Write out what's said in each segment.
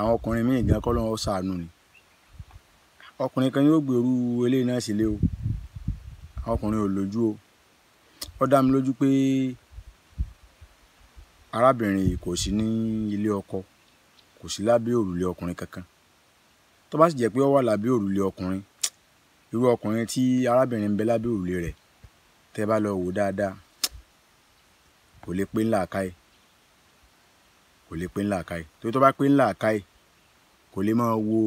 àwọn ọkùnrin míì gan kọ́ lọ́wọ́ sàánú ni ọkùnrin kan yóò gbèrú eléyìí náà sílé o àwọn ọkùnrin ò lójú o ó dá mi lójú pé arábìnrin yìí kò sí ní ilé ọkọ kò sí lábẹ́ òrùlé ọkùnrin kankan tó bá sì jẹ́ pé ó wà lábẹ́ òrùlé ọkùnrin irú ọkùnrin tí arábìnrin ń bẹ lábẹ́ òrùlé rẹ̀ tẹ́ bá lọ wò dáadáa kò lè pé ńlá káyìí kò lè pé ńlá káyì torí tó bá pé ńlá káyì kò lè máa wo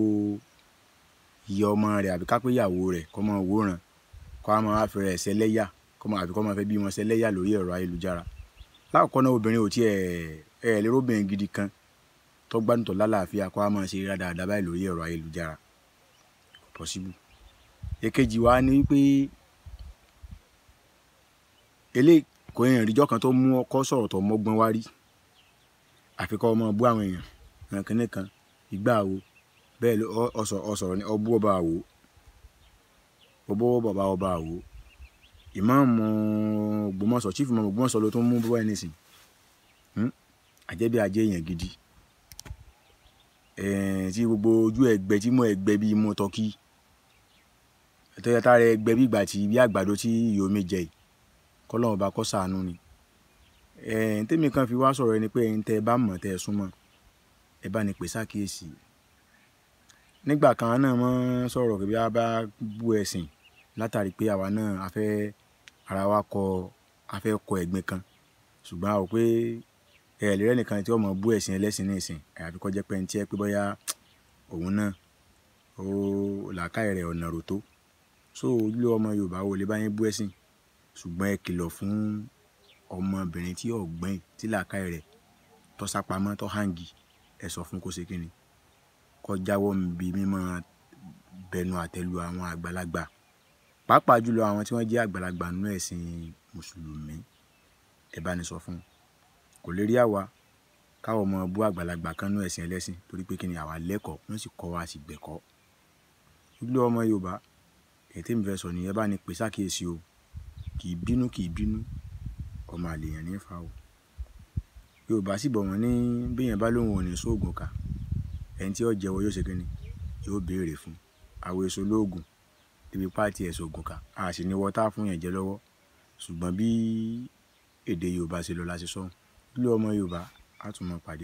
iye ọmọ rẹ àbí ká pé ìyàwó rẹ kó máa wòran kó a máa fẹ́ rẹ̀ ṣẹlẹ́yà kó máa àbí kó máa fẹ́ bí wọn ṣẹlẹ́yà lórí ẹ̀rọ ayélujára lákòókò náà obìnrin ò tí ẹ ẹ lérò obìnrin gidi kan tó gbádùn tó lálàáfíà kó a máa ṣe eré dáadáa báyìí lórí ẹ̀rọ ayélujára possible èkejì wa ni pé eléyìí kò yẹn ìrìjọ́ kan tó mú ọkọ sọ̀rọ̀ tó mọ́gbọ́n wá rí àfikọ́ ọmọ bú àwọn èèyàn nǹkan kìíní kan ìgbà wo bẹ́ẹ̀ ló ọ̀sọ̀ ọ̀sọ̀rọ̀ ni ọbú ọba àwo ọbọ̀wọ́ bàbá ọba àwo ìmáàmù Ògbómọ̀ṣọ́ chief ìmáàmù Ògbómọ̀ṣọ́ ló tún mú bọ́ ẹ̀ nísìn hm? àjẹ́bí ajé èèyàn gidi ti gbogbo ojú ẹgbẹ́ tí mo ẹgbẹ́ bíi mo tọ́kí tọ́jà tá rẹ ẹgbẹ́ bí ìgbà tí bí àgbàdo tí iye omi jẹ kọ́lọ́run ọba kó ni ẹ̀yìn tèmi kan fi wá sọ̀rọ̀ ẹni pé ẹ̀yin tẹ́ ẹ bá mọ̀ tẹ́ ẹ súnmọ́ ẹ bá ní pè sákìyèsí nígbà kan náà mọ́ sọ̀rọ̀ kí a bá bú ẹ̀sìn látàrí pé àwa náà a fẹ́ ara wa kọ a fẹ́ kọ ẹ̀gbin kan ṣùgbọ́n a ò pé ẹ̀ẹ́lì rẹ nìkan tí ọmọ bú ẹ̀sìn ẹlẹ́sìn ní ìsìn àyàfi kó jẹ́ pé ẹni ẹ pé bóyá òun náà ó làákàyè rẹ̀ ọ̀nà rò so ojúlé ọmọ Yorùbá wo lè bá yín bú ẹ̀sìn ṣùgbọ́n ẹ kìlọ̀ fún ọmọbìnrin tí ọ̀gbẹ́n tí làákàyè rẹ̀ tó sápamọ́ tó hàǹgì ẹ sọ fún kó ṣe kí ni kó jáwọ́ níbi mímọ́ bẹnu àtẹ́lu àwọn àgbàlagbà pàápàá jùlọ àwọn tí wọ́n jẹ́ àgbàlagbà nínú ẹ̀sìn mùsùlùmí ẹ bá ní sọ fún kò lè rí àwa káwọn ọmọ bú àgbàlagbà kan nínú ẹ̀sìn ẹlẹ́sìn torí pé kí ni àwa lẹ́kọ̀ọ́ wọ́n sì kọ́ wa sì gbẹ̀kọ́ ìlú ọmọ Yorùbá ètí mi fẹ́ sọ nìyẹn bá ní pèsè àkíyèsí o kì í bínú kì í bínú ọmọ àlèyàn ní fa o yorùbá sì bọ̀ wọ́n ní bíyàn bá lóun ò ní sóògùn ká ẹni tí ó jẹ́wọ́ yóò ṣe kíni yóò béèrè fún àwọn èso lóògùn ibi pàtì ẹ̀sùn ògùn ká a sì ní wọ́tá fún yẹn jẹ lọ́wọ́ ṣùgbọ́n bí èdè yorùbá ṣe lọ la ṣe sọ nílò ọmọ yorùbá á tún mọ pàdé